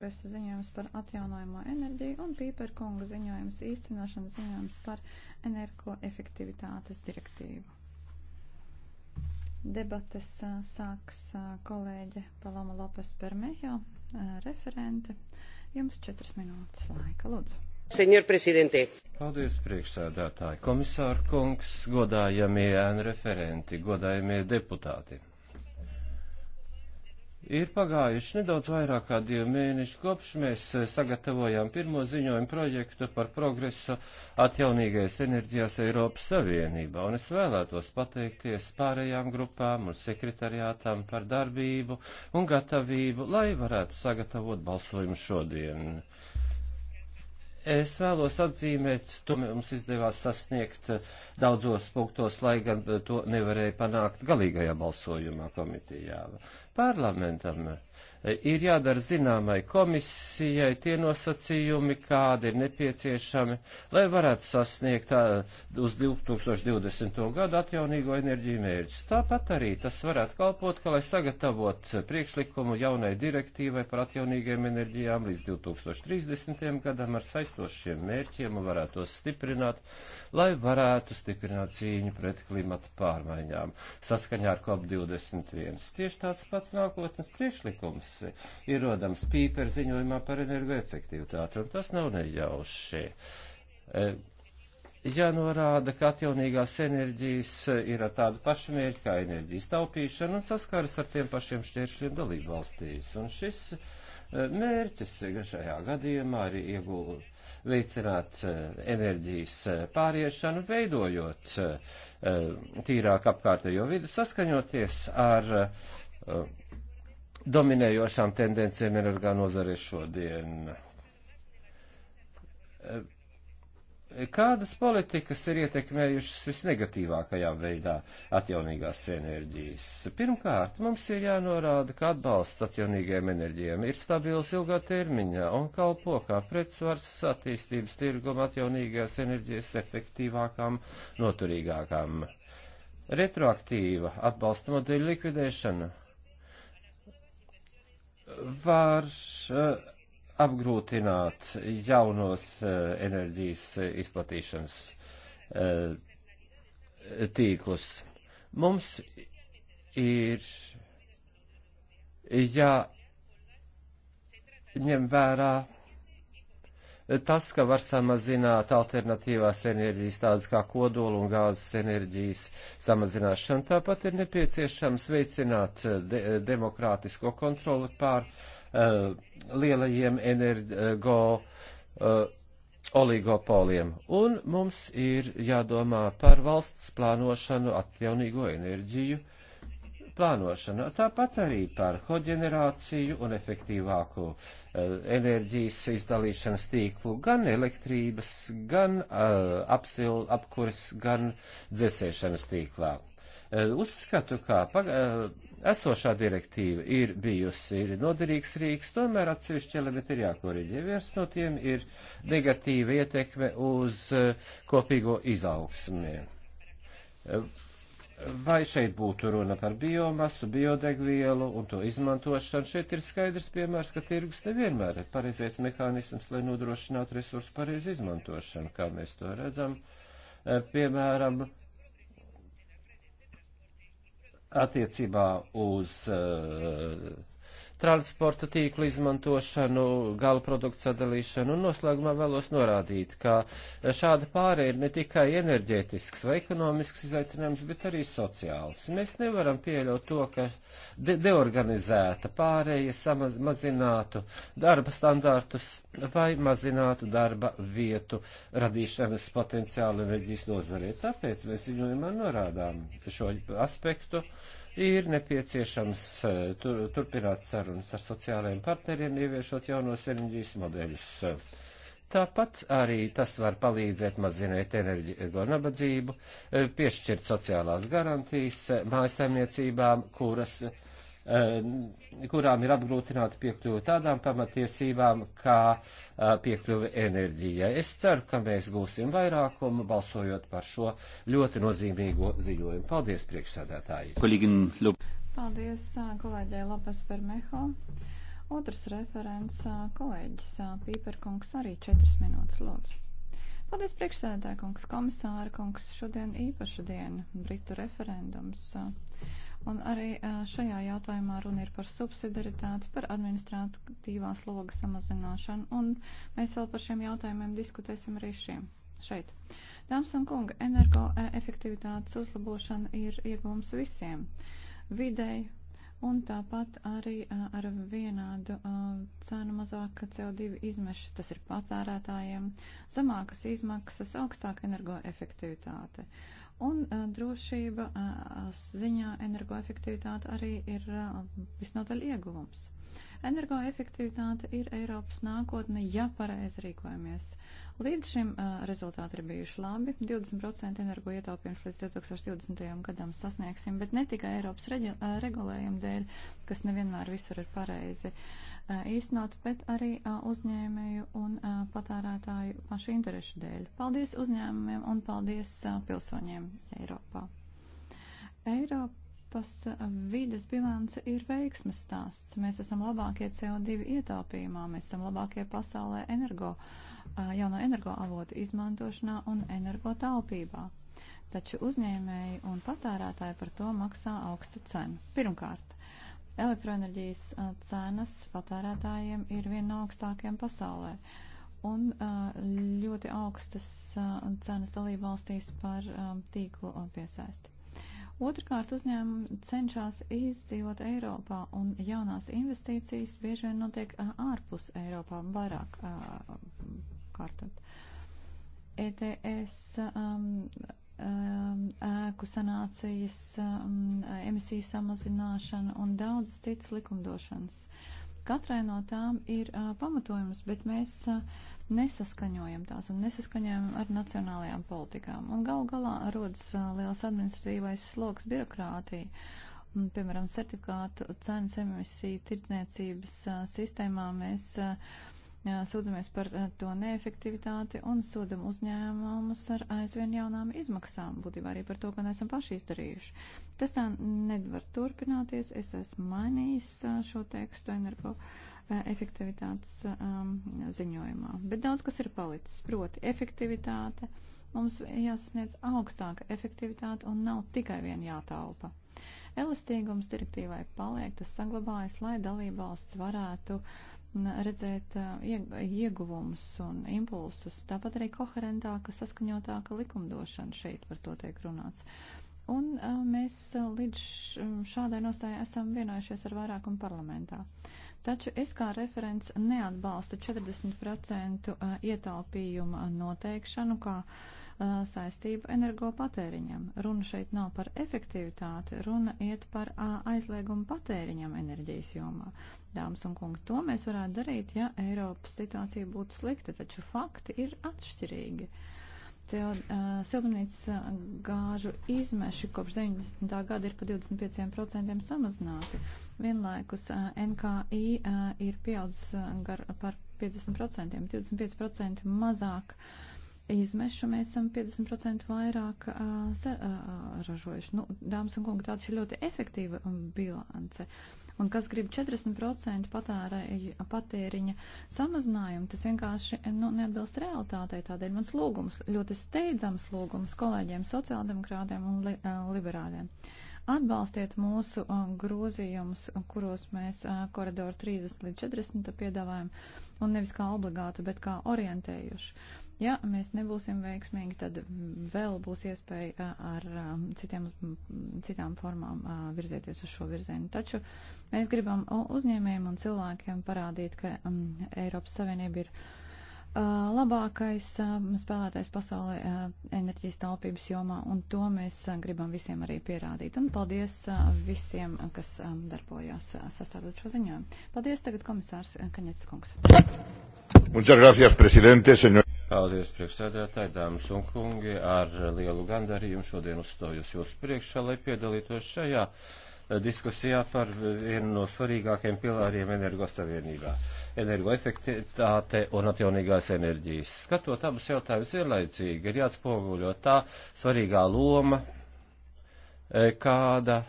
Presa ziņojums par atjaunojamo enerģiju un Pīperkonga ziņojums īstenošanas ziņojums par energoefektivitātes direktīvu. Debates sāks kolēģe Paloma Lopes Permejo, referente. Jums četras minūtes laika, lūdzu. Senjor prezidente. Paldies, priekšsēdētāji, komisāra kungs, godājamie referenti, godājamie deputāti. Ir pagājuši nedaudz vairāk kā divi mēneši kopš mēs eh, sagatavojām pirmo ziņojumu projektu par progresu atjaunīgais enerģijās Eiropas Savienībā, un es vēlētos pateikties pārējām grupām un sekretariātām par darbību un gatavību, lai varētu sagatavot balsojumu šodien. Es vēlos atzīmēt, to mums izdevās sasniegt daudzos punktos, lai gan to nevarēja panākt galīgajā balsojumā komitejā. Parlamentam ir jādara zināmai komisijai tie nosacījumi, kādi ir nepieciešami, lai varētu sasniegt tā, uz 2020. gadu atjaunīgo enerģiju mērķus. Tāpat arī tas varētu kalpot, ka, lai sagatavot priekšlikumu jaunai direktīvai par atjaunīgiem enerģijām līdz 2030. gadam ar saistošiem mērķiem un varētu tos stiprināt, lai varētu stiprināt cīņu pret klimata pārmaiņām saskaņā ar COP21. Tieši tāds pats nākotnes priekšlikums priekšlikums ir rodams pīper ziņojumā par energoefektivitāti, un tas nav nejauši. E, ja norāda, ka atjaunīgās enerģijas ir ar tādu pašu mērķi kā enerģijas taupīšana un saskaras ar tiem pašiem šķēršļiem dalību valstīs, un šis e, mērķis šajā gadījumā arī iegūl veicināt e, enerģijas pāriešanu, veidojot tīrāk apkārtējo vidu, saskaņoties ar dominējošām tendencēm energā nozarē šodien. Kādas politikas ir ietekmējušas visnegatīvākajā veidā atjaunīgās enerģijas? Pirmkārt, mums ir jānorāda, ka atbalsts atjaunīgajiem enerģijiem ir stabils ilgā termiņā un kalpo kā pretsvars attīstības tirguma atjaunīgās enerģijas efektīvākām, noturīgākām. Retroaktīva atbalsta modeļa likvidēšana var eh, apgrūtināt jaunos eh, enerģijas eh, izplatīšanas tīklus. Mums ir jāņem vērā tas, ka var samazināt alternatīvās enerģijas tādas kā kodola un gāzes enerģijas samazināšana. Tāpat ir nepieciešams veicināt eh, de demokrātisko kontroli pār uh, lielajiem energo uh, oligopoliem. Un mums ir jādomā par valsts plānošanu atjaunīgo enerģiju uh, plānošanu. Tāpat arī par koģenerāciju un efektīvāku eh, enerģijas izdalīšanas tīklu gan elektrības, gan eh, apsil, apkurs, gan dzesēšanas tīklā. Eh, uzskatu, ka esošā direktīva ir bijusi ir noderīgs rīks, tomēr atsevišķi elementi ir jākoriģē. Viens no tiem ir negatīva ietekme uz kopīgo izaugsmi. Vai šeit būtu runa par biomasu, biodegvielu un to izmantošanu? Šeit ir skaidrs piemērs, ka tirgus nevienmēr ir pareizais mehānisms, lai nodrošinātu resursu pareizu izmantošanu, kā mēs to redzam. Eh, piemēram, attiecībā uz uh, transporta tīklu izmantošanu, gala produktu sadalīšanu. Un noslēgumā vēlos norādīt, ka šāda pārēja ir ne tikai enerģētisks vai ekonomisks izaicinājums, bet arī sociāls. Mēs nevaram pieļaut to, ka de deorganizēta pārēja samazinātu darba standārtus vai mazinātu darba vietu radīšanas potenciālu enerģijas nozarē. Tāpēc mēs ziņojumā norādām šo aspektu ir nepieciešams eh, tur, turpināt sarunas ar sociālajiem partneriem, ieviešot jaunos enerģijas modeļus. Tāpat arī tas var palīdzēt mazināt enerģisko nabadzību, eh, piešķirt sociālās garantijas eh, mājasaimniecībām, kuras uh, Eh, kurām ir apgrūtināti piekļuvi tādām pamatiesībām, kā eh, piekļuvi enerģijai. Es ceru, ka mēs gūsim vairākumu balsojot par šo ļoti nozīmīgo ziņojumu. Paldies, priekšsēdētāji! Paldies eh, kolēģei Lopes Bermeho. Otrs referents kolēģis Pīperkungs arī 4 minūtes lūdzu. Paldies priekšsēdētāji kungs, komisāri kungs, šodien īpaša diena, Britu referendums. Un arī šajā jautājumā runa ir par subsidaritāti, par administratīvās logas samazināšanu, un mēs vēl par šiem jautājumiem diskutēsim arī šiem. Šeit. Dāmas un kunga, energoefektivitātes uzlabošana ir iegūms visiem - videi un tāpat arī ar vienādu cenu mazāka CO2 izmeša, tas ir patērētājiem, zemākas izmaksas, augstāka energoefektivitāte. Uh, Un eh, drošība eh, ziņā energoefektivitāte arī ir eh, visnotaļ ieguvums. Energoefektivitāte ir Eiropas nākotne, ja pareizi rīkojamies. Līdz šim uh, rezultāti ir bijuši labi. 20% energo ietaupījums līdz 2020. gadam sasniegsim, bet ne tikai Eiropas reģi, uh, regulējuma dēļ, kas nevienmēr visur ir pareizi uh, īstenot, bet arī uh, uzņēmēju un uh, patērētāju pašu interešu dēļ. Paldies uzņēmumiem un paldies uh, pilsoņiem Eiropā. Eiropa Eiropas eh, vides bilance ir veiksmes stāsts. Mēs esam labākie CO2 ietaupījumā, mēs esam labākie pasaulē energo, eh, jauno energoavotu izmantošanā un energo taupībā. Taču uzņēmēji un patērētāji par to maksā augstu cenu. Pirmkārt, elektroenerģijas eh, cenas patērētājiem ir viena no augstākajām pasaulē un ļoti augstas cenas dalībvalstīs par tīklu piesaisti. Otrakārt, uzņēmumi cenšas izdzīvot Eiropā, un jaunās investīcijas bieži vien notiek ārpus Eiropā vairāk kārtot. E ETS um, ēku sanācijas, um, emisiju samazināšana un daudz citas likumdošanas. Katrai no tām ir uh, pamatojums, bet mēs uh, nesaskaņojam tās un nesaskaņojam ar nacionālajām politikām. Un gal galā rodas liels administratīvais sloks birokrātija. Un, piemēram, certifikātu cenas emisiju tirdzniecības sistēmā mēs sūdamies par to neefektivitāti un sūdam uzņēmumus ar aizvien jaunām izmaksām, būtībā arī par to, ka neesam paši izdarījuši. Tas tā nevar turpināties. Es esmu mainījis šo tekstu energo. Uh, efektivitātes um, ziņojumā. Bet daudz kas ir palicis, proti efektivitāte. Mums jāsasniedz augstāka efektivitāte un nav tikai vien jātaupa. Elastīgums direktīvai paliek, tas saglabājas, lai dalība valsts varētu redzēt uh, ieguvumus un impulsus. Tāpat arī koherentāka, saskaņotāka likumdošana šeit par to tiek runāts. Un uh, mēs uh, līdz um, šādai nostājai esam vienojušies ar vairākumu parlamentā. Uh, Taču es kā referents neatbalstu 40% ietaupījuma noteikšanu kā saistību energopatēriņam. Runa šeit nav par efektivitāti, runa iet par aizliegumu patēriņam enerģijas jomā. Dāmas un kungi, to mēs varētu darīt, ja Eiropas situācija būtu slikta, taču fakti ir atšķirīgi. Uh, CO, uh, siltumnīcas uh, gāžu izmeši kopš 90. gada ir pa 25% samazināti. Vienlaikus uh, NKI ir pieaudzis par 50%, 25% mazāk izmešu mēs esam 50% vairāk ražojuši. Nu, dāmas un kungi, tāds ir ļoti efektīva um, bilance. Uh, un kas grib 40% patērē, patēriņa samazinājumu, tas vienkārši nu, neatbilst realitātei. Tādēļ mans lūgums, ļoti steidzams lūgums kolēģiem, sociāldemokrātiem un li, eh, liberāļiem. Atbalstiet mūsu eh, grozījumus, kuros mēs eh, koridoru 30 līdz 40 piedāvājam, un nevis kā obligātu, bet kā orientējuši Ja mēs nebūsim veiksmīgi, tad vēl būs iespēja ar citiem, citām formām virzieties uz šo virzienu. Taču mēs gribam uzņēmējiem un cilvēkiem parādīt, ka Eiropas Savienība ir labākais spēlētājs pasaulē enerģijas taupības jomā, un to mēs gribam visiem arī pierādīt. Un paldies visiem, kas darbojās sastādot šo ziņojumu. Paldies tagad komisārs Kaņets kungs. Muchas gracias, presidente, señor. Paldies, priekšsēdētāji, dāmas un kungi, ar lielu gandarījumu šodien uzstājos jūsu priekšā, lai piedalītos šajā eh, diskusijā par eh, vienu no svarīgākajiem pilāriem energosavienībā - energoefektivitāte un atjaunīgās enerģijas. Skatot abus jautājumus vienlaicīgi, ir jāatspoguļo tā svarīgā loma, eh, kāda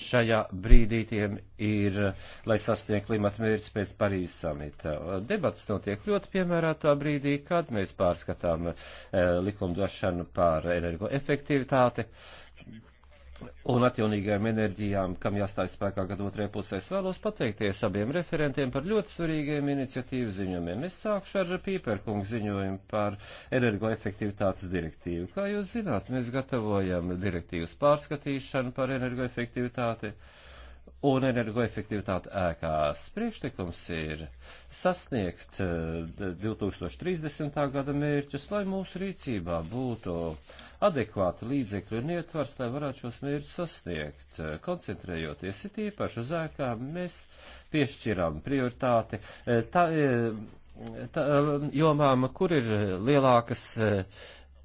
šajā brīdī tiem ir, lai sasniegtu klimata mērķus pēc Parīzes samita. Debats notiek ļoti piemērātā brīdī, kad mēs pārskatām eh, likumdošanu pār energoefektivitāti un atjaunīgajām enerģijām, kam jāstāj spēkā gadu otrajā pusē. Es vēlos pateikties abiem referentiem par ļoti svarīgiem iniciatīvu ziņojumiem. Es sākšu ar Pīperkungu ziņojumu par energoefektivitātes direktīvu. Kā jūs zināt, mēs gatavojam direktīvas pārskatīšanu par energoefektivitāti. Uh, un energoefektivitāte ēkās. Priekšlikums ir sasniegt 2030. Eh, gada mērķus, lai mūsu rīcībā būtu adekvāti līdzekļi un ietvars, lai varētu šos mērķus sasniegt. Koncentrējoties it īpaši uz ēkām, mēs piešķiram prioritāti eh, tā, eh, tā, jomām, kur ir lielākas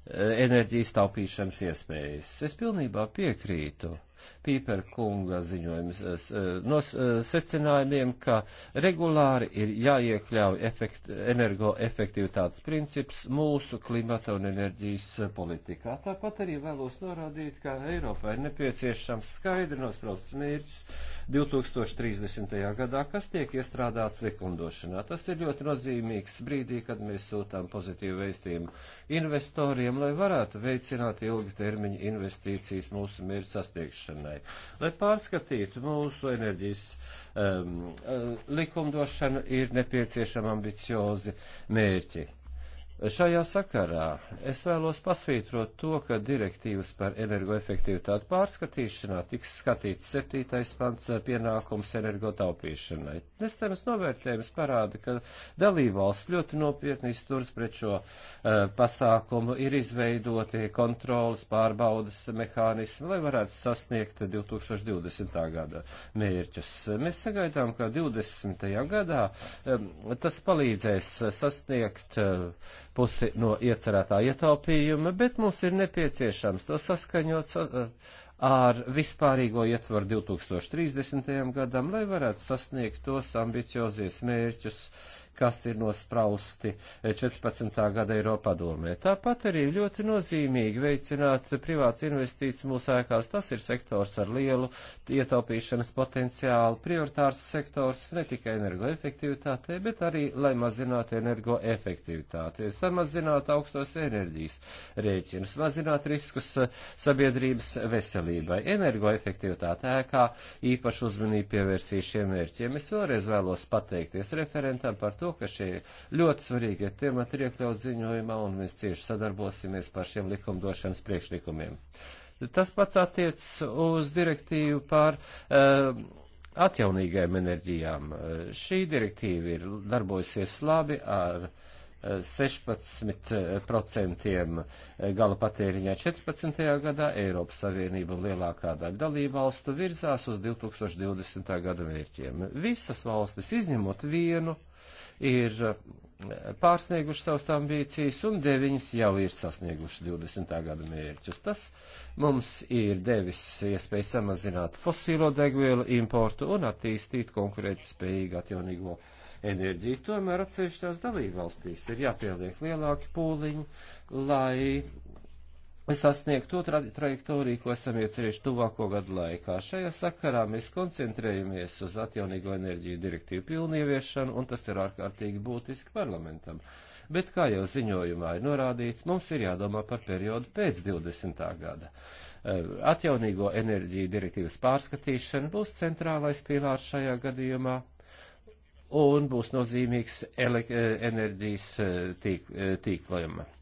enerģijas taupīšanas iespējas. Es pilnībā piekrītu Pīper kunga ziņojums eh, eh, no eh, secinājumiem, ka regulāri ir jāiekļauj efekt, energoefektivitātes princips mūsu klimata un enerģijas politikā. Tāpat arī vēlos norādīt, ka Eiropai ir nepieciešams skaidri nosprausts mērķis 2030. gadā, kas tiek iestrādāts likumdošanā. Tas ir ļoti nozīmīgs brīdī, kad mēs sūtām pozitīvu veistījumu investoriem, lai varētu veicināt ilgtermiņa investīcijas mūsu mērķu sasniegšanu ievērošanai. Lai pārskatītu mūsu enerģijas um, uh, likumdošanu, ir nepieciešama ambiciozi mērķi. Šajā sakarā es vēlos pasvītrot to, ka direktīvas par energoefektivitāti pārskatīšanā tiks skatīts septītais pants pienākums energotaupīšanai. Nestenas novērtējums parāda, ka dalībvalsts ļoti nopietni izturs pret šo uh, pasākumu, ir izveidoti kontrolas pārbaudas mehānismi, lai varētu sasniegt 2020. gada mērķus. Mēs sagaidām, ka 20. gadā um, tas palīdzēs sasniegt uh, pusi no iecerētā ietaupījuma, bet mums ir nepieciešams to saskaņot eh, ar vispārīgo ietvaru 2030. gadam, lai varētu sasniegt tos ambiciozies mērķus, kas ir nosprausti 14. gada Eiropā domē. Tāpat arī ļoti nozīmīgi veicināt privāts investīcijas mūsu ēkās. Tas ir sektors ar lielu ietaupīšanas potenciālu, prioritārs sektors ne tikai energoefektivitātei, bet arī, lai mazinātu energoefektivitāti, samazinātu augstos enerģijas rēķinus, mazināt riskus sabiedrības veselībai. Energoefektivitāte ēkā īpašu uzmanību pievērsīs šiem mērķiem. Es vēlreiz vēlos pateikties referentam par to, to, ka šie ļoti svarīgie temati ir iekļauts ziņojumā, un mēs cieši sadarbosimies par šiem likumdošanas priekšlikumiem. Tas pats attiec uz direktīvu par. Uh, Atjaunīgajām enerģijām. Eh, šī direktīva ir darbojusies labi ar uh, eh, 16% gala patēriņā 14. gadā Eiropas Savienība un lielākā daļa dalībvalstu virzās uz 2020. gada mērķiem. Visas valstis izņemot vienu ir eh, pārsnieguši savas ambīcijas, un deviņas jau ir sasnieguši 20. gada mērķus. Tas mums ir devis iespēju samazināt fosīlo degvielu importu un attīstīt konkurētspējīgu atjaunīgo enerģiju. Tomēr atsevišķās dalībvalstīs ir jāpieliek lielāki pūliņi, lai lai sasniegtu to tra trajektoriju, ko esam iecerējuši tuvāko gadu laikā. Šajā sakarā mēs koncentrējamies uz atjaunīgo enerģiju direktīvu pilnieviešanu, un tas ir ārkārtīgi būtiski parlamentam. Bet, kā jau ziņojumā ir norādīts, mums ir jādomā par periodu pēc 20. gada. E, atjaunīgo enerģiju direktīvas pārskatīšana būs centrālais pilārs šajā gadījumā, un būs nozīmīgs e, enerģijas e, tīk, tīklojuma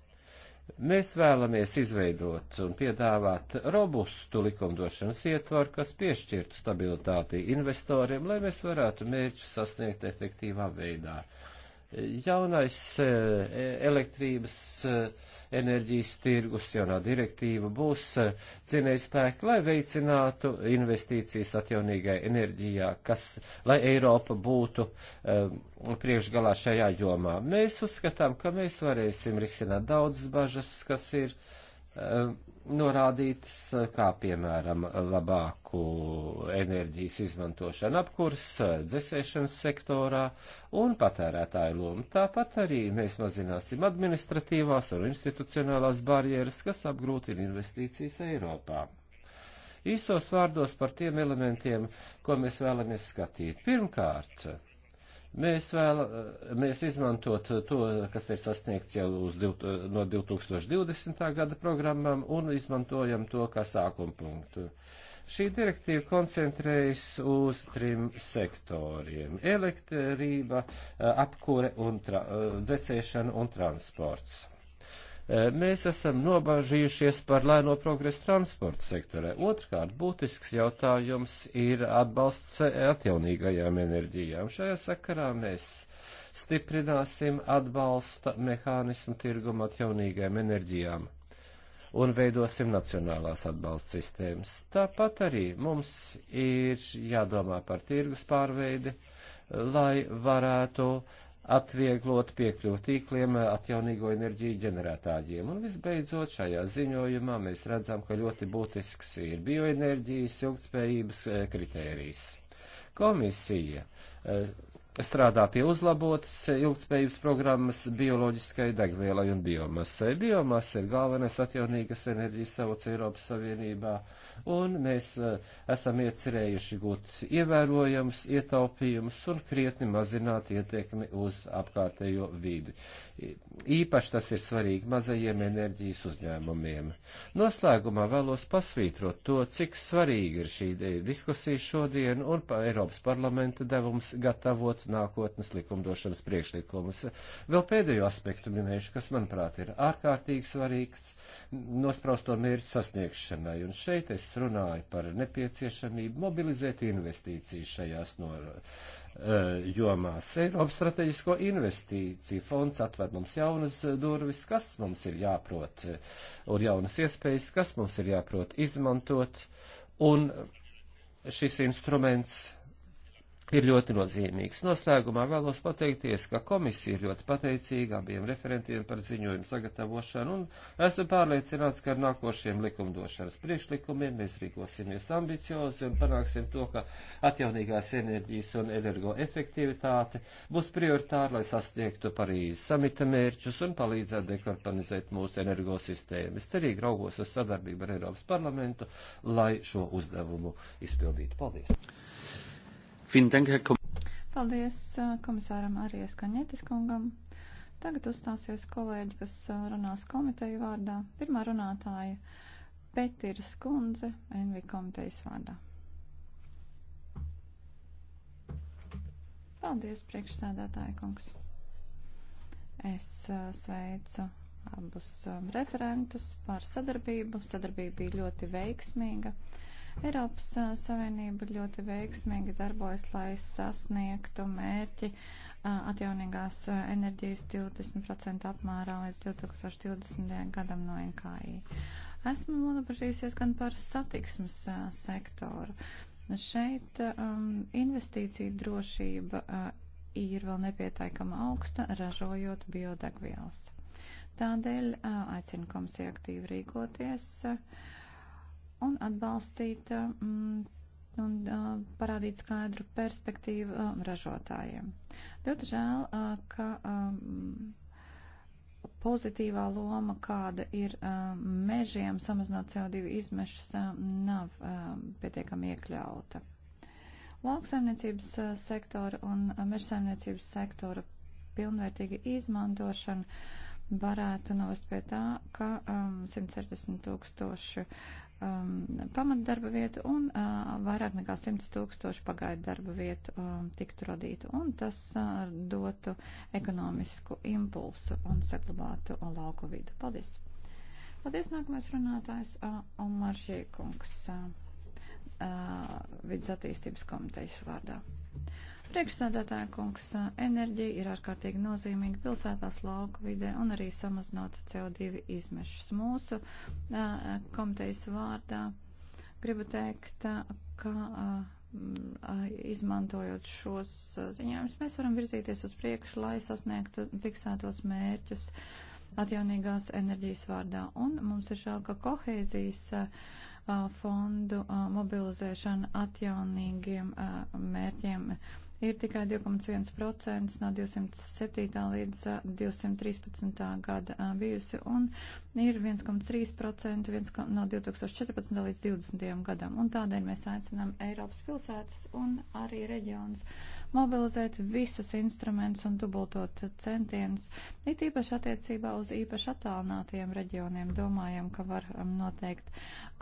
Mēs vēlamies izveidot un piedāvāt robustu likumdošanas ietvaru, kas piešķirtu stabilitāti investoriem, lai mēs varētu mērķus sasniegt efektīvā veidā. Uh, Jaunais eh, elektrības eh, enerģijas tirgus, jaunā direktīva būs cienēja eh, spēki, lai veicinātu investīcijas atjaunīgai enerģijā, kas, lai Eiropa būtu um, priekšgalā šajā jomā. Mēs uzskatām, ka mēs varēsim risināt daudzas bažas, kas ir um, norādītas, eh, kā piemēram labāku enerģijas izmantošanu apkurs, eh, dzesēšanas sektorā un patērētāju lomu. Tāpat arī mēs mazināsim administratīvās un institucionālās barjeras, kas apgrūtina investīcijas Eiropā. Īsos vārdos par tiem elementiem, ko mēs vēlamies skatīt. Pirmkārt, Mēs, vēl, eh, mēs izmantot to, kas ir sasniegts jau uz, eh, no 2020. gada programmām un izmantojam to kā sākuma punktu. Šī direktīva koncentrējas uz trim sektoriem - elektrība, eh, apkure un dzesēšana un transports. Eh, mēs esam nobažījušies par lēno progresu transporta sektorē. Otrkārt, būtisks jautājums ir atbalsts atjaunīgajām enerģijām. Šajā sakarā mēs stiprināsim atbalsta mehānismu tirgumu atjaunīgajām enerģijām un veidosim nacionālās atbalsta sistēmas. Tāpat arī mums ir jādomā par tirgus pārveidi, lai varētu atvieglot piekļuvu tīkliem atjaunīgo enerģiju ģenerētājiem. Un visbeidzot, šajā ziņojumā mēs redzam, ka ļoti būtisks ir bioenerģijas ilgtspējības eh, kritērijs. Komisija eh, strādā pie uzlabotas ilgspējības programmas bioloģiskai degvielai un biomasai. Biomasa ir galvenais atjaunīgas enerģijas avots Eiropas Savienībā, un mēs eh, esam iecerējuši gūt ievērojams ietaupījums un krietni mazināt ietekmi uz apkārtējo vidi. Īpaši tas ir svarīgi mazajiem enerģijas uzņēmumiem. Noslēgumā vēlos pasvītrot to, cik svarīgi ir šī diskusija šodien un pa Eiropas parlamenta devums gatavots nākotnes likumdošanas priekšlikumus. Vēl pēdējo aspektu minēšu, kas, manuprāt, ir ārkārtīgi svarīgs nosprausto mērķu sasniegšanai, un šeit es runāju par nepieciešamību mobilizēt investīcijas šajās no eh, jomās. Eiropas strateģisko investīciju fonds atver mums jaunas durvis, kas mums ir jāprot, eh, un jaunas iespējas, kas mums ir jāprot izmantot, un šis instruments ir ļoti nozīmīgs. Noslēgumā vēlos pateikties, ka komisija ir ļoti pateicīga abiem referentiem par ziņojumu sagatavošanu un esmu pārliecināts, ka ar nākošiem likumdošanas priekšlikumiem mēs rīkosimies ambiciozi un panāksim to, ka atjaunīgās enerģijas un energoefektivitāte būs prioritāra, lai sasniegtu Parīzes samita mērķus un palīdzētu dekarbonizēt mūsu energosistēmu. Es cerīgi raugos uz sadarbību ar Eiropas parlamentu, lai šo uzdevumu izpildītu. Paldies! Paldies uh, komisāram arī Skaņetis kungam. Tagad uzstāsies kolēģi, kas uh, runās komiteju vārdā. Pirmā runātāja Petīra Skundze, NV komitejas vārdā. Paldies, priekšsēdētāja kungs. Es uh, sveicu abus um, referentus par sadarbību. Sadarbība bija ļoti veiksmīga. Uh, Eiropas Savienība ļoti veiksmīgi darbojas, lai sasniegtu mērķi atjaunīgās enerģijas 20% apmērā līdz 2020. gadam no NKI. Esmu nodabažījusies gan par satiksmes sektoru. Šeit um, investīcija drošība uh, ir vēl nepietiekama augsta, ražojot biodegvielas. Tādēļ aicinu komisiju aktīvi rīkoties. Uh, un atbalstīt uh, mm, un uh, parādīt skaidru perspektīvu uh, ražotājiem. Ļoti žēl, uh, ka um, pozitīvā loma, kāda ir uh, mežiem samazinot CO2 izmešus, uh, nav uh, pietiekami iekļauta. Lauksaimniecības uh, sektora un uh, mežsaimniecības sektora pilnvērtīga izmantošana varētu novest pie tā, ka um, 160 tūkstoši uh, um, pamatdarba vietu un uh, vairāk nekā 100 tūkstoši pagaidu darba vietu um, tiktu radītu. Un tas uh, dotu ekonomisku impulsu un saglabātu lauku vidu. Paldies! Paldies, nākamais runātājs uh, Omar Žiekungs, uh, uh, vidas attīstības komitejas vārdā. Uh, Priekšsēdētāja kungs, enerģija ir ārkārtīgi nozīmīga pilsētās lauku vidē un arī samazinot CO2 izmešus. Mūsu komitejas vārdā gribu teikt, ka izmantojot šos ziņojumus, mēs varam virzīties uz priekšu, lai sasniegtu fiksētos mērķus atjaunīgās enerģijas vārdā. Un mums ir žēl, ka kohēzijas fondu mobilizēšana atjaunīgiem mērķiem ir tikai 2,1% no 207. līdz 213. gada bijusi un ir 1,3% no 2014. līdz 2020. gadam. Un tādēļ mēs aicinām Eiropas pilsētas un arī reģionus mobilizēt visus instrumentus un dubultot centienus. It īpaši attiecībā uz īpaši attālinātajiem reģioniem domājam, ka var noteikt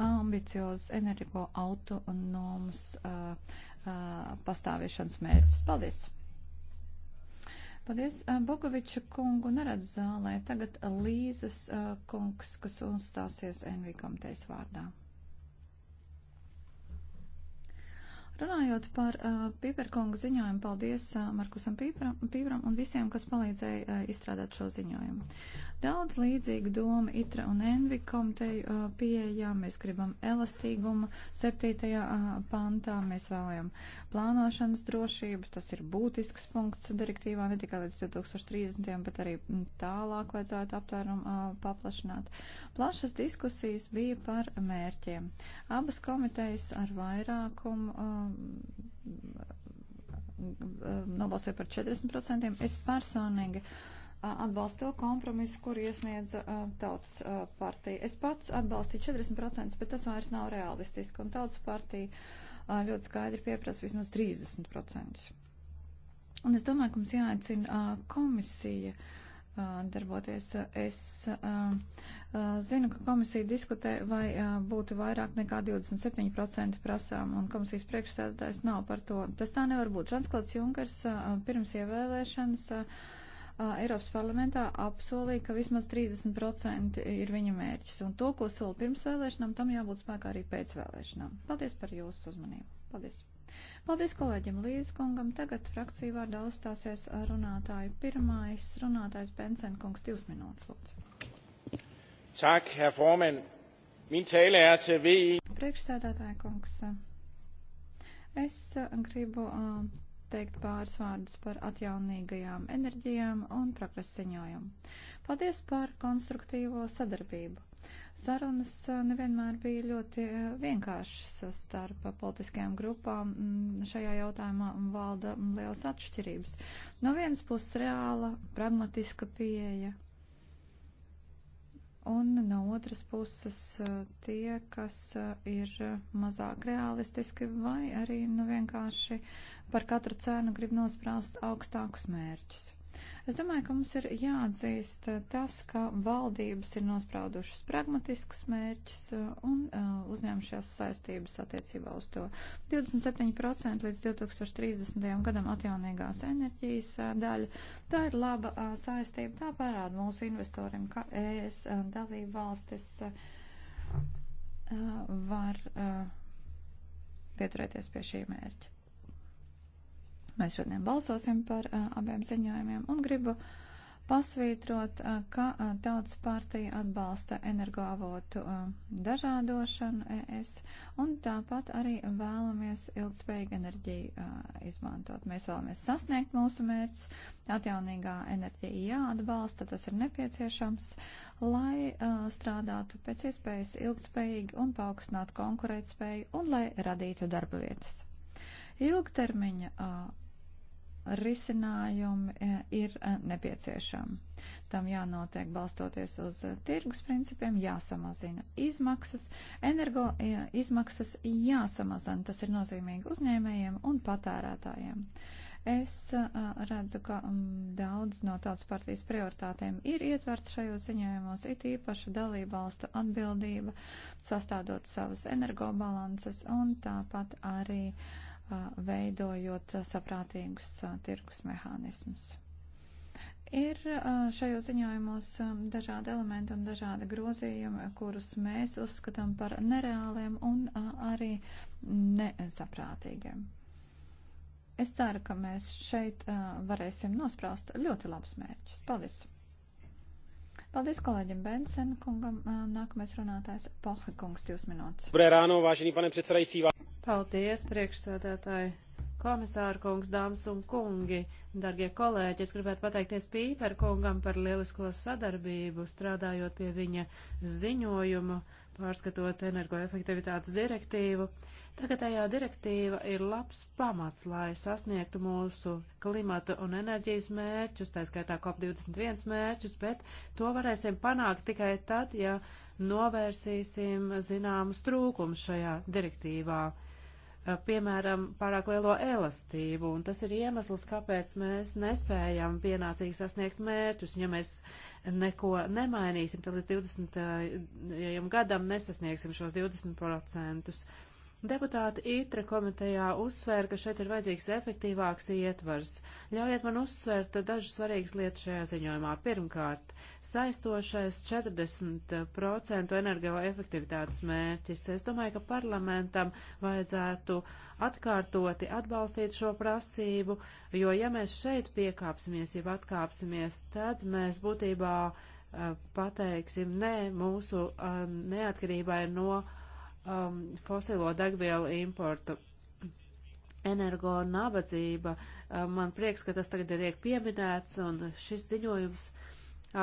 ambiciozus energo autonomus. Uh, Uh, pastāviešanas mērķus. Paldies! Paldies, uh, Bogoviča kungu neredz zālē. Tagad Līzes uh, kungs, kas uzstāsies NV komitejas vārdā. Runājot par uh, Pīperkonga ziņojumu, paldies uh, Markusam Pīperam, Pīperam un visiem, kas palīdzēja uh, izstrādāt šo ziņojumu. Daudz līdzīgu domu ITRA un ENVI komiteju uh, pieejā. Mēs gribam elastīgumu 7. Uh, pantā. Mēs vēlējam plānošanas drošību. Tas ir būtisks punkts direktīvā ne tikai līdz 2030. bet arī mm, tālāk vajadzētu aptvērumu uh, paplašināt. Plašas diskusijas bija par mērķiem. Abas komitejas ar vairākumu. Uh, nobalsoja par 40%. Es personīgi atbalstu to kompromisu, kur iesniedza Tautas partija. Es pats atbalstīju 40%, bet tas vairs nav realistiski, un Tautas partija ļoti skaidri pieprasa vismaz 30%. Un es domāju, ka mums jāaicina komisija darboties. Es Zinu, ka komisija diskutē, vai būtu vairāk nekā 27% prasām, un komisijas priekšsēdētājs nav par to. Tas tā nevar būt. Žansklots Junkers pirms ievēlēšanas Eiropas parlamentā apsolīja, ka vismaz 30% ir viņa mērķis, un to, ko sola pirms vēlēšanām, tam jābūt spēkā arī pēc vēlēšanām. Paldies par jūsu uzmanību. Paldies! Paldies kolēģim Līdzkungam. Tagad frakcija vārdā uzstāsies runātāju pirmais runātājs Bensenkungs divas minūtes lūdzu. Tak, herr formand. Min tale er til VE. Priekšstādātāja kungs, es eh, gribu eh, teikt pāris vārdus par atjaunīgajām enerģijām un progresa ziņojumu. Paldies par konstruktīvo sadarbību. Sarunas eh, nevienmēr bija ļoti vienkāršas starp politiskajām grupām. Mm, šajā jautājumā valda mm, lielas atšķirības. No vienas puses reāla, pragmatiska pieeja Un no otras puses eh, tie, kas eh, ir mazāk realistiski vai arī nu, vienkārši par katru cenu grib nosprāst augstākus mērķus. Es domāju, ka mums ir jāatzīst eh, tas, ka valdības ir nospraudušas pragmatiskus mērķus eh, un eh, uzņēmušās saistības attiecībā uz to. 27% līdz 2030. gadam atjaunīgās enerģijas daļa. Tā ir laba saistība, tā parāda mūsu investoriem, ka ES dalība valstis var pieturēties pie šī mērķa. Mēs šodien balsosim par uh, abiem ziņojumiem un gribu pasvītrot, uh, ka uh, tautas partija atbalsta energoavotu uh, dažādošanu ES un tāpat arī vēlamies ilgspējīgu enerģiju uh, izmantot. Mēs vēlamies sasniegt mūsu mērķus, atjaunīgā enerģija jāatbalsta, tas ir nepieciešams, lai uh, strādātu pēc iespējas ilgspējīgi un paaugstinātu konkurētspēju un lai radītu darba vietas. Ilgtermiņa uh, risinājumi e, ir e, nepieciešami. Tam jānotiek balstoties uz e, tirgus principiem, jāsamazina izmaksas, energo izmaksas jāsamazina. Tas ir nozīmīgi uzņēmējiem un patērētājiem. Es redzu, ka mm, daudz no tautas partijas prioritātēm ir ietverts šajos ziņojumos, it īpaši dalībvalstu atbildība, sastādot savas energobalances un tāpat arī uh, veidojot saprātīgus tirgus mehānismus. Ir šajos ziņojumos dažādi elementi un dažādi grozījumi, kurus mēs uzskatām par nereāliem un arī nesaprātīgiem. Es ceru, ka mēs šeit varēsim nosprāst ļoti labus mērķus. Paldies! Paldies kolēģim Bensen kungam. Nākamais runātājs Pohe kungs, divas minūtes. Dobrē rāno, vāžinī pane predsedajīcī. Paldies, priekšsēdētāji. Komisāra kungs, dāmas un kungi, darbie kolēģi, es gribētu pateikties Pīper kungam par lielisko sadarbību, strādājot pie viņa ziņojuma. Uh, pārskatot energoefektivitātes direktīvu. Tagadējā direktīva ir labs pamats, lai sasniegtu mūsu klimata un enerģijas mērķus, tā skaitā COP21 mērķus, bet to varēsim panākt tikai tad, ja novērsīsim zināmus trūkumus šajā direktīvā. Uh, Eh, piemēram, pārāk lielo elastību, un tas ir iemesls, kāpēc mēs nespējam pienācīgi sasniegt mērķus. Ja mēs neko nemainīsim, tad līdz 20. Eh, gadam nesasniegsim šos 20%. Deputāti ITRA komitejā uzsvēra, ka šeit ir vajadzīgs efektīvāks ietvars. Ļaujiet man uzsvērt dažas svarīgas lietas šajā ziņojumā. Pirmkārt, saistošais 40% energoefektivitātes mērķis. Es domāju, ka parlamentam vajadzētu atkārtoti atbalstīt šo prasību, jo ja mēs šeit piekāpsimies, jeb atkāpsimies, tad mēs būtībā eh, pateiksim nē ne mūsu eh, neatkarībai no um, fosilo degvielu importu. Energo nabadzība. Um, man prieks, ka tas tagad ir tiek pieminēts, un šis ziņojums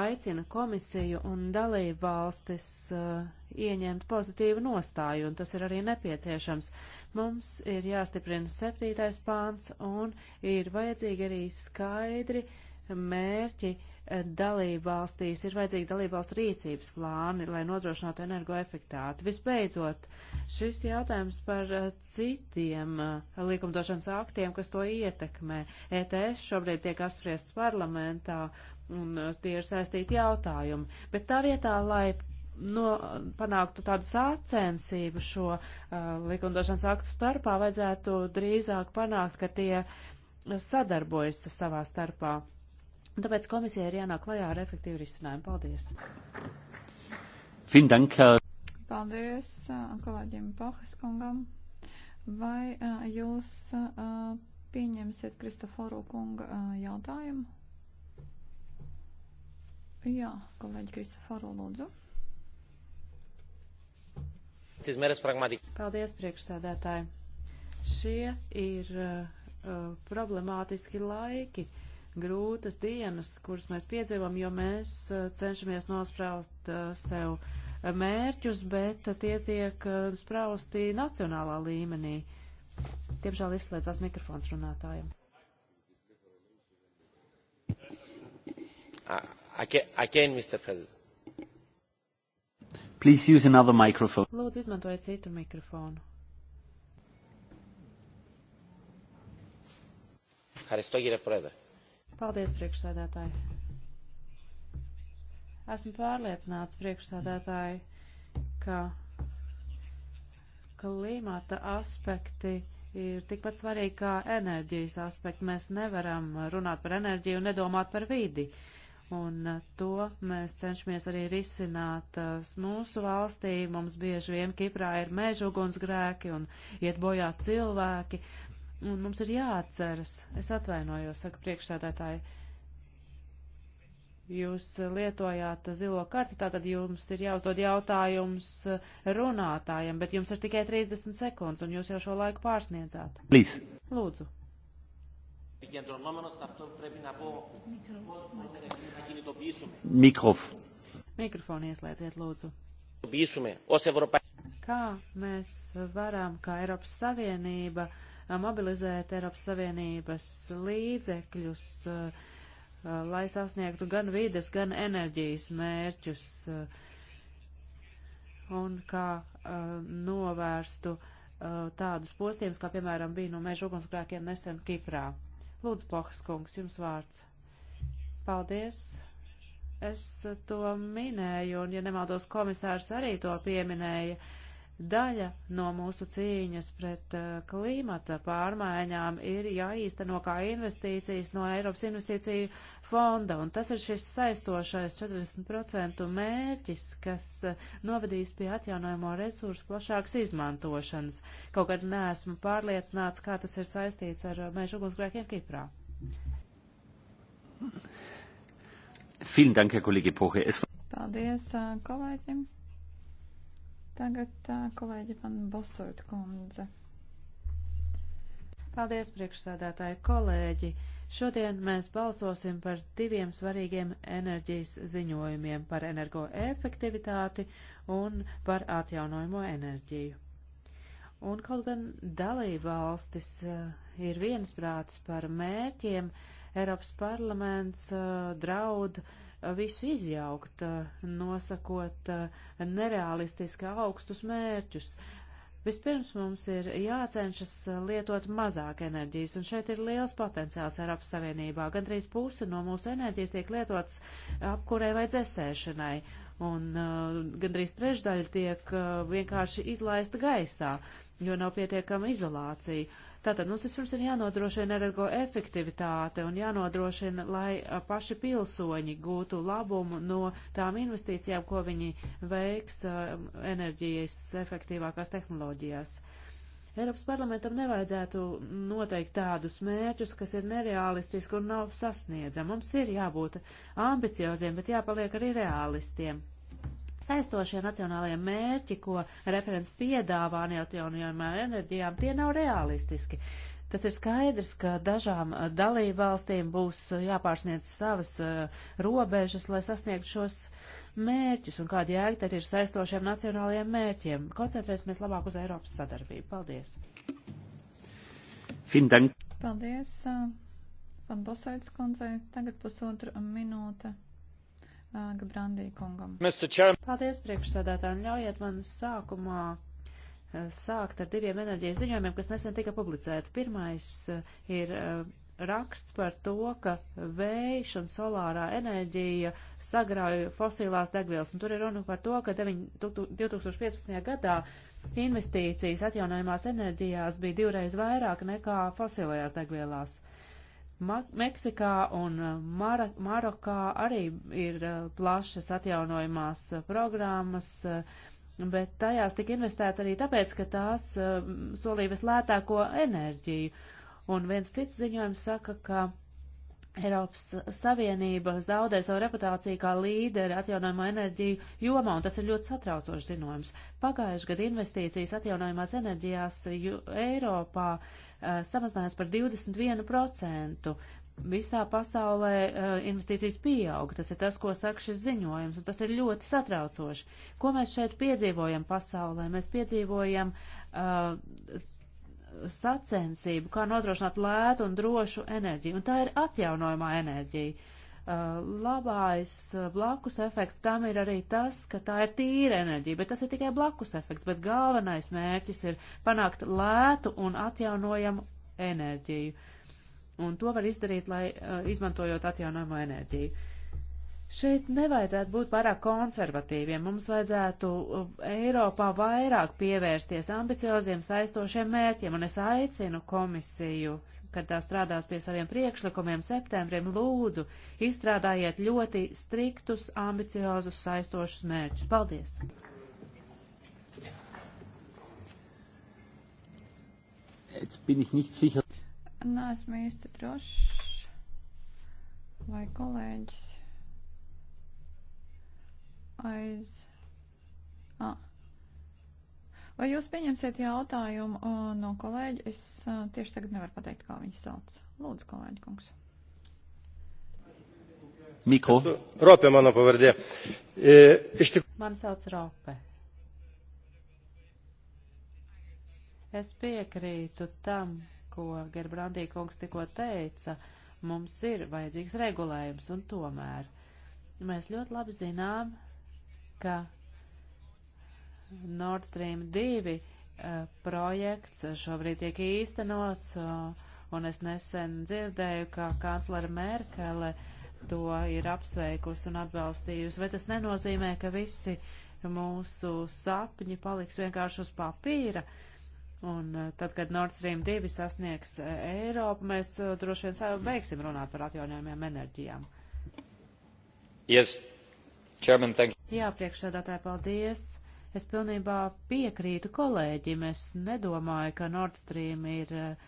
aicina komisiju un dalību valstis uh, ieņemt pozitīvu nostāju, un tas ir arī nepieciešams. Mums ir jāstiprina septītais pāns, un ir vajadzīgi arī skaidri mērķi uh, dalību valstīs ir vajadzīgi dalību valstu rīcības plāni, lai nodrošinātu energoefektāti. Visbeidzot, šis jautājums par eh, citiem eh, likumdošanas aktiem, kas to ietekmē. ETS šobrīd tiek apspriests parlamentā, un eh, tie ir saistīti jautājumi. Bet tā vietā, lai no, panāktu tādu sācensību šo uh, likumdošanas aktu starpā, vajadzētu drīzāk panākt, ka tie sadarbojas savā starpā. Un tāpēc komisija ir jānāk klajā ar efektīvu risinājumu. Paldies! Dank, Paldies kolēģiem Pahas kungam. Vai jūs pieņemsiet Kristoforu kunga jautājumu? Jā, kolēģi Kristoforu lūdzu. Paldies, priekšsēdētāji. Šie ir uh, problemātiski laiki. Uh, grūtas dienas, kuras mēs piedzīvam, jo mēs uh, cenšamies nospraust uh, sev uh, mērķus, bet tie tiek sprausti nacionālā līmenī. Tiemžēl izslēdzās mikrofons runātājiem. Again, Mr. President. Please use another microphone. Lūdzu, izmantojiet citu mikrofonu. Ευχαριστώ κύριε Πρόεδρε. Paldies, priekšsēdētāji. Esmu pārliecināts, priekšsēdētāji, ka klimata aspekti ir tikpat svarīgi kā enerģijas aspekti. Mēs nevaram runāt par enerģiju un nedomāt par vidi. Un uh, to mēs cenšamies arī risināt uh, mūsu valstī. Mums bieži vien Kiprā ir meža ugunsgrēki un iet bojā cilvēki. Un mums ir jāatceras, es atvainojos, saka priekšsēdētāji, jūs lietojāt zilo karti, tātad jums ir jāuzdod jautājums runātājiem, bet jums ir tikai 30 sekundes, un jūs jau šo laiku pārsniedzāt. Please. Lūdzu. Mikrof. Mikrofonu ieslēdziet, lūdzu. Kā mēs varam, kā Eiropas Savienība, uh, mobilizēt Eiropas Savienības līdzekļus, lai sasniegtu gan vides, gan enerģijas mērķus un kā novērstu tādus postījumus, kā piemēram bija no meža ugunsgrēkiem nesen Kiprā. Lūdzu, Pohas kungs, jums vārds. Paldies! Es to minēju, un, ja nemaldos, komisārs arī to pieminēja. Uh, Daļa no mūsu cīņas pret uh, klimata pārmaiņām ir jāīsteno kā investīcijas no Eiropas investīciju fonda, un tas ir šis saistošais 40% mērķis, kas uh, novedīs pie atjaunojamo resursu plašākas izmantošanas. Kaut kad neesmu pārliecināts, kā tas ir saistīts ar uh, mēžu ugunsgrēkiem Kiprā. Paldies uh, kolēģim! Tagad kolēģi man Bosoit kundze. Paldies, priekšsādātāji kolēģi! Šodien mēs balsosim par diviem svarīgiem enerģijas ziņojumiem - par energoefektivitāti un par atjaunojamo enerģiju. Un kaut gan dalībvalstis ir viensprāts par mērķiem, Eiropas parlaments draud uh, visu izjaukt, eh, nosakot eh, nereālistiski augstus mērķus. Vispirms mums ir jācenšas eh, lietot mazāk enerģijas, un šeit ir liels potenciāls Eiropas Savienībā. Gandrīz puse no mūsu enerģijas tiek lietots apkurē vai dzesēšanai, un uh, gandrīz trešdaļa tiek uh, vienkārši izlaista gaisā. Uh, jo nav pietiekama izolācija. Tātad mums vispirms ir jānodrošina energoefektivitāte un jānodrošina, lai paši pilsoņi gūtu labumu no tām investīcijām, ko viņi veiks enerģijas efektīvākās tehnoloģijās. Eiropas parlamentam nevajadzētu noteikt tādus mērķus, kas ir nereālistiski un nav sasniedzami. Mums ir jābūt ambicioziem, bet jāpaliek arī realistiem saistošie nacionālajie mērķi, ko referents piedāvā neatjaunojamām enerģijām, tie nav realistiski. Tas ir skaidrs, ka dažām uh, dalību valstīm būs uh, jāpārsniedz savas uh, robežas, lai sasniegtu šos mērķus, un kāda jēga tad ir saistošiem nacionālajiem mērķiem. Koncentrēsimies labāk uz Eiropas sadarbību. Paldies! Fintan. Paldies, Fan uh, Bosaits kundzei. Tagad pusotra minūte Gabrandī kungam. Paldies priekšsādātājiem. Ļaujiet man sākumā eh, sākt ar diviem enerģijas ziņojumiem, kas nesen tika publicēti. Pirmais eh, ir eh, raksts par to, ka vējš un solārā enerģija sagrauj fosilās degvielas. Un tur ir runa par to, ka 2015. gadā investīcijas atjaunojumās enerģijās bija divreiz vairāk nekā fosilajās degvielās. Meksikā un uh, Mar Marokā arī ir uh, plašas atjaunojumās uh, programmas, bet tajās tika investēts arī tāpēc, ka tās solīja vislētāko enerģiju. Un viens cits ziņojums saka, ka Eiropas Savienība zaudē savu reputāciju kā līderi atjaunojumā enerģiju jomā, un tas ir ļoti satraucošs ziņojums. Pagājuši gadu investīcijas atjaunojumās enerģijās Eiropā uh, samazinājās par 21%. Visā pasaulē uh, investīcijas pieauga, tas ir tas, ko saka šis ziņojums, un tas ir ļoti satraucoši. Ko mēs šeit piedzīvojam pasaulē? Mēs piedzīvojam uh, sacensību, kā nodrošināt lētu un drošu enerģiju, un tā ir atjaunojumā enerģija. Uh, labais uh, blakus efekts tam ir arī tas, ka tā ir tīra enerģija, bet tas ir tikai blakus efekts, bet galvenais mērķis ir panākt lētu un atjaunojamu enerģiju. Un to var izdarīt, lai uh, izmantojot atjaunojumu enerģiju. Šeit nevajadzētu būt pārāk konservatīviem. Mums vajadzētu uh, Eiropā vairāk pievērsties ambicioziem saistošiem mērķiem, un es aicinu komisiju, kad tā strādās pie saviem priekšlikumiem septembrim, lūdzu, izstrādājiet ļoti striktus, ambiciozus saistošus mērķus. Paldies! Nē, esmu īsti drošs, vai kolēģis aiz. A. Vai jūs pieņemsiet jautājumu uh, no kolēģa? Es uh, tieši tagad nevaru pateikt, kā viņas sauc. Lūdzu, kolēģi kungs. Mikro. Rope mana pavardė. E, iš tik... Man sauc Rope. Es piekrītu tam, ko Gerbrandī kungs tikko teica. Mums ir vajadzīgs regulējums un tomēr. Mēs ļoti labi zinām, ka Nord Stream 2 eh, projekts šobrīd tiek īstenots, eh, un es nesen dzirdēju, ka kanclere Merkele to ir apsveikusi un atbalstījusi, bet tas nenozīmē, ka visi mūsu sapņi paliks vienkārši uz papīra. Un eh, tad, kad Nord Stream 2 sasniegs Eiropu, mēs droši vien beigsim runāt par atjaunojumiem enerģijām. Yes. Chairman, thank you. Jā, priekšsēdētāji, paldies. Es pilnībā piekrītu kolēģim. Es nedomāju, ka Nord Stream ir eh,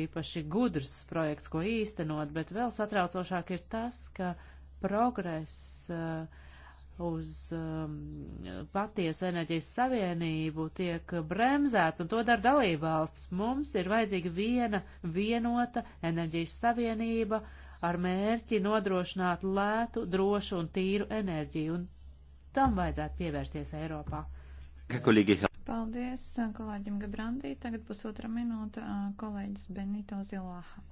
īpaši gudrs projekts, ko īstenot, bet vēl satraucošāk ir tas, ka progress eh, uz um, patiesu enerģijas savienību tiek bremzēts, un to dara dalībvalstis. Mums ir vajadzīga viena vienota enerģijas savienība ar mērķi nodrošināt lētu, drošu un tīru enerģiju, un tam vajadzētu pievērsties Eiropā. Paldies kolēģim Gabrandī. Tagad pusotra minūte kolēģis Benito Zilāha.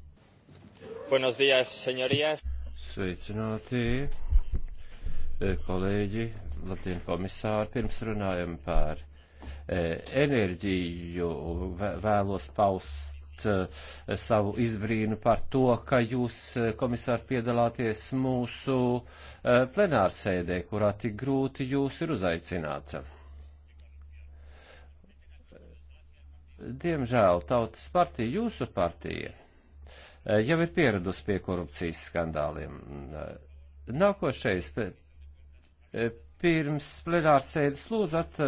Buenos dias, señorías. Sveicināti, kolēģi, labdien komisāri. Pirms runājam par enerģiju, vēlos paust Eh, savu izbrīnu par to, ka jūs, eh, komisāri, piedalāties mūsu eh, plenārsēdē, kurā tik grūti jūs ir uzaicināts. Diemžēl Tautas partija, jūsu partija, jau ir pieradusi pie korupcijas skandāliem. Nākošais, pirms plenārsēdes lūdzat,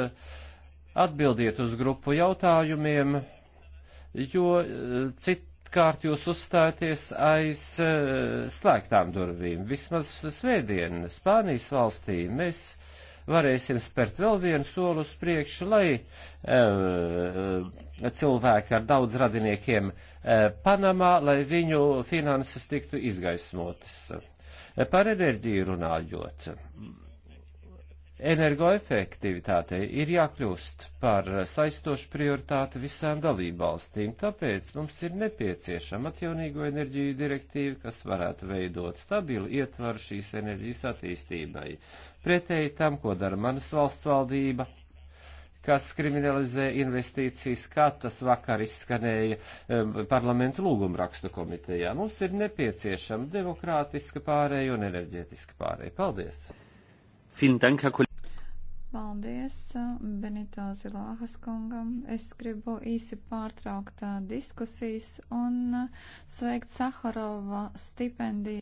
atbildiet uz grupu jautājumiem jo eh, citkārt jūs uzstāties aiz eh, slēgtām durvīm. Vismaz svētdien Spānijas valstī mēs varēsim spērt vēl vienu soli uz priekšu, lai e, cilvēki ar daudz radiniekiem e, Panamā, lai viņu finanses tiktu izgaismotas. Par enerģiju runājot. Energoefektivitātei ir jākļūst par saistošu prioritāti visām dalībvalstīm, tāpēc mums ir nepieciešama atjaunīgo enerģiju direktīva, kas varētu veidot stabilu ietvaru šīs enerģijas attīstībai. Pretēji tam, ko dara manas valsts valdība, kas kriminalizē investīcijas, kā tas vakar izskanēja um, parlamentu lūguma rakstu komitejā. Mums ir nepieciešama demokrātiska pārēja un enerģētiska pārēja. Paldies! Dank, Paldies Benito Zilāhas kungam. Es gribu īsi pārtraukt uh, diskusijas un uh, sveikt Saharova stipendiju.